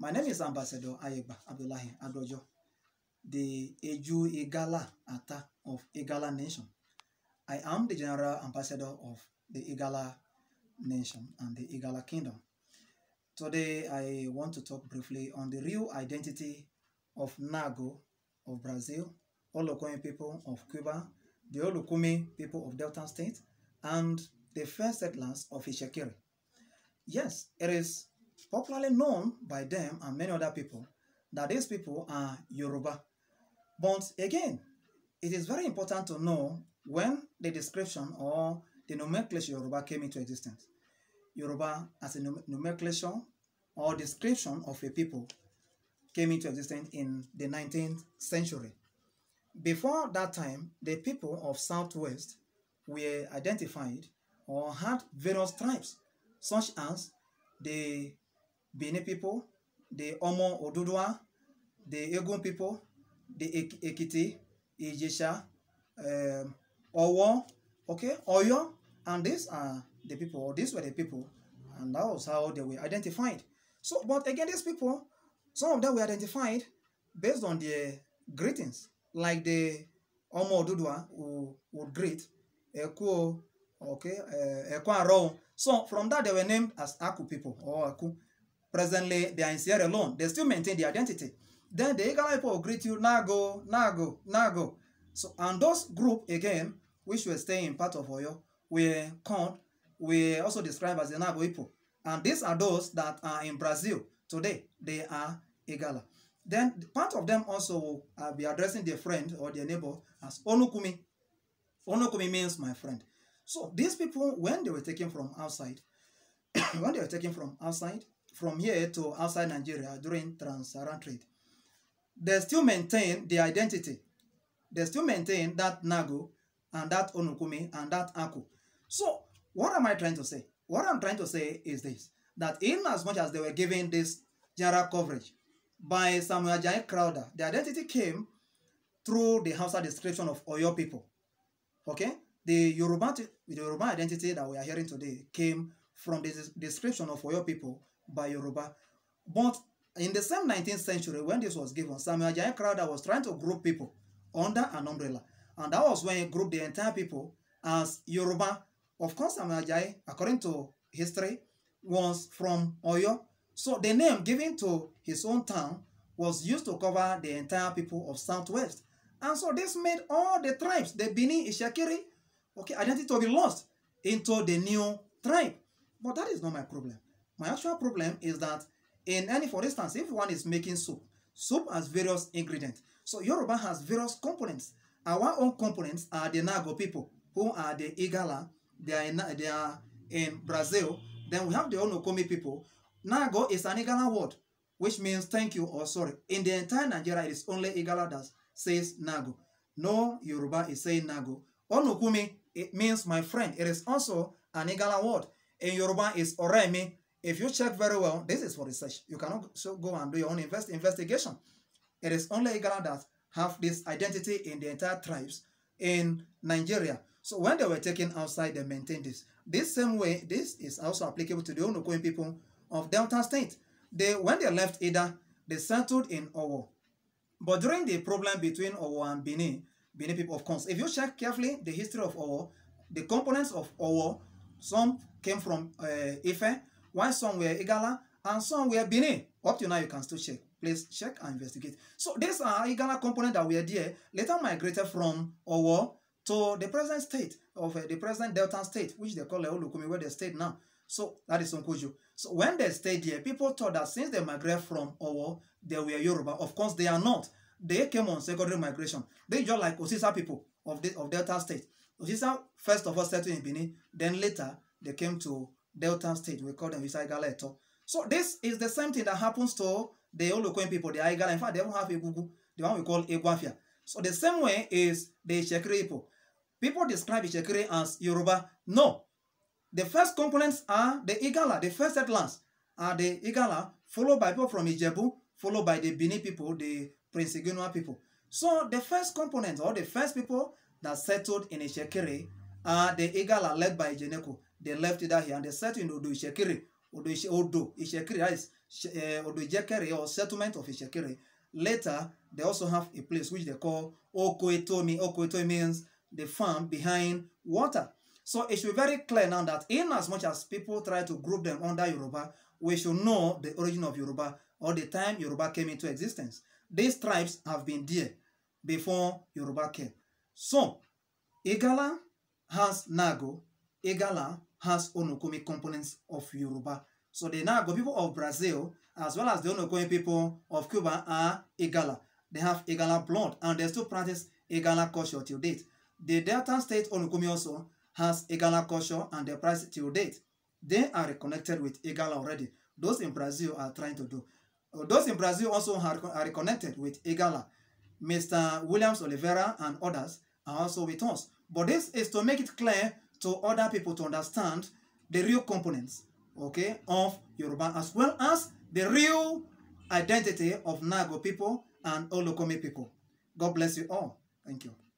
My name is Ambassador Ayegba Abdullahi Adojo, the Eju Igala Ata of Igala Nation. I am the General Ambassador of the Igala Nation and the Igala Kingdom. Today, I want to talk briefly on the real identity of Nago of Brazil, Olokomi people of Cuba, the Olokumi people of Delta State, and the first settlers of Ishakiri. Yes, it is popularly known by them and many other people that these people are Yoruba. But again, it is very important to know when the description or the nomenclature Yoruba came into existence. Yoruba as a nomenclature or description of a people came into existence in the 19th century. Before that time, the people of Southwest were identified or had various tribes, such as the Bini people, the Omo Oduduwa, the Egun people, the Ekiti, Ijesha, um, Owo, okay, Oyo, and these are the people, these were the people, and that was how they were identified. So, but again, these people, some of them were identified based on their greetings, like the Omo Oduduwa who would greet Eko, okay, uh, Eko Aro. So, from that, they were named as Aku people or Aku. Presently, they are in Sierra Leone. They still maintain the identity. Then the Igala people will greet you, Nago, Nago, Nago. So, and those group, again, which were staying in part of Oyo, were called, were also described as the Nago people. And these are those that are in Brazil. Today, they are Igala. Then part of them also will uh, be addressing their friend or their neighbor as Onukumi. Onukumi means my friend. So these people, when they were taken from outside, when they were taken from outside, from here to outside Nigeria during trans-Saharan trade, they still maintain the identity. They still maintain that Nago and that Onukumi and that Aku. So what am I trying to say? What I'm trying to say is this, that in as much as they were given this general coverage by Samuel Jai Crowder, the identity came through the Hausa description of Oyo people. Okay? The Yoruba, the Yoruba identity that we are hearing today came from this description of Oyo people by Yoruba. But in the same 19th century, when this was given, Samuel Jai Crowder was trying to group people under an umbrella. And that was when he grouped the entire people as Yoruba. Of course, Samuel Jai, according to history, was from Oyo. So the name given to his own town was used to cover the entire people of Southwest. And so this made all the tribes, the Bini, Ishakiri, okay, identity to be lost into the new tribe. But that is not my problem. My actual problem is that in any, for instance, if one is making soup, soup has various ingredients. So Yoruba has various components. Our own components are the Nago people, who are the Igala, they are in, they are in Brazil. Then we have the Onokomi people. Nago is an Igala word, which means thank you or sorry. In the entire Nigeria, it is only Igala that says Nago. No Yoruba is saying Nago. Onukumi, it means my friend. It is also an Igala word. In Yoruba, is Oremi, If you check very well, this is for research. You cannot so go and do your own invest investigation. It is only Igala that have this identity in the entire tribes in Nigeria. So when they were taken outside, they maintained this. This same way, this is also applicable to the Onukoin people of Delta State. They, when they left Ida, they settled in Owo. But during the problem between Owo and Benin, Benin people, of course, if you check carefully the history of Owo, the components of Owo, some came from uh, Ife, While some were Igala and some were Benin. Up to now, you can still check. Please check and investigate. So these are Igala components that were there, later migrated from Owo to the present state of uh, the present Delta state, which they call Olukumi, where they stayed now. So that is Nkoju. So when they stayed there, people thought that since they migrated from Owo, they were Yoruba. Of course, they are not. They came on secondary migration. They just like Osisa people of, the, of Delta state. Osisa first of all settled in Benin, then later they came to Delta State. We call them Isaigala Eto. So this is the same thing that happens to the Olokoin people, the Igala. In fact, they don't have Egugu, the one we call Egwafia. So the same way is the Ishekiri people. People describe Ishekiri as Yoruba. No. The first components are the Igala, the first settlers are the Igala, followed by people from Ijebu, followed by the Bini people, the Prince Igunua people. So the first components, or the first people that settled in Ishekiri are the Igala led by Ijeneko they left it out here and they settled in Odo Ishekiri, Odo, Ishe, Odo Ishekiri, is uh, Odo Ishekiri or settlement of Ishekiri. Later, they also have a place which they call Okoetomi. Okoetomi means the farm behind water. So it should be very clear now that in as much as people try to group them under Yoruba, we should know the origin of Yoruba or the time Yoruba came into existence. These tribes have been there before Yoruba came. So, Igala has Nago, Igala has Onokomi components of Yoruba. So the Nago people of Brazil, as well as the Onokomi people of Cuba, are Igala. They have Igala blood, and they still practice Igala culture till date. The Delta State Onokomi also has Igala culture, and they practice till date. They are reconnected with Igala already. Those in Brazil are trying to do. Those in Brazil also are reconnected with Igala. Mr. Williams Oliveira and others are also with us. But this is to make it clear to other people to understand the real components, okay, of Yoruba as well as the real identity of Nago people and Olokome people. God bless you all. Thank you.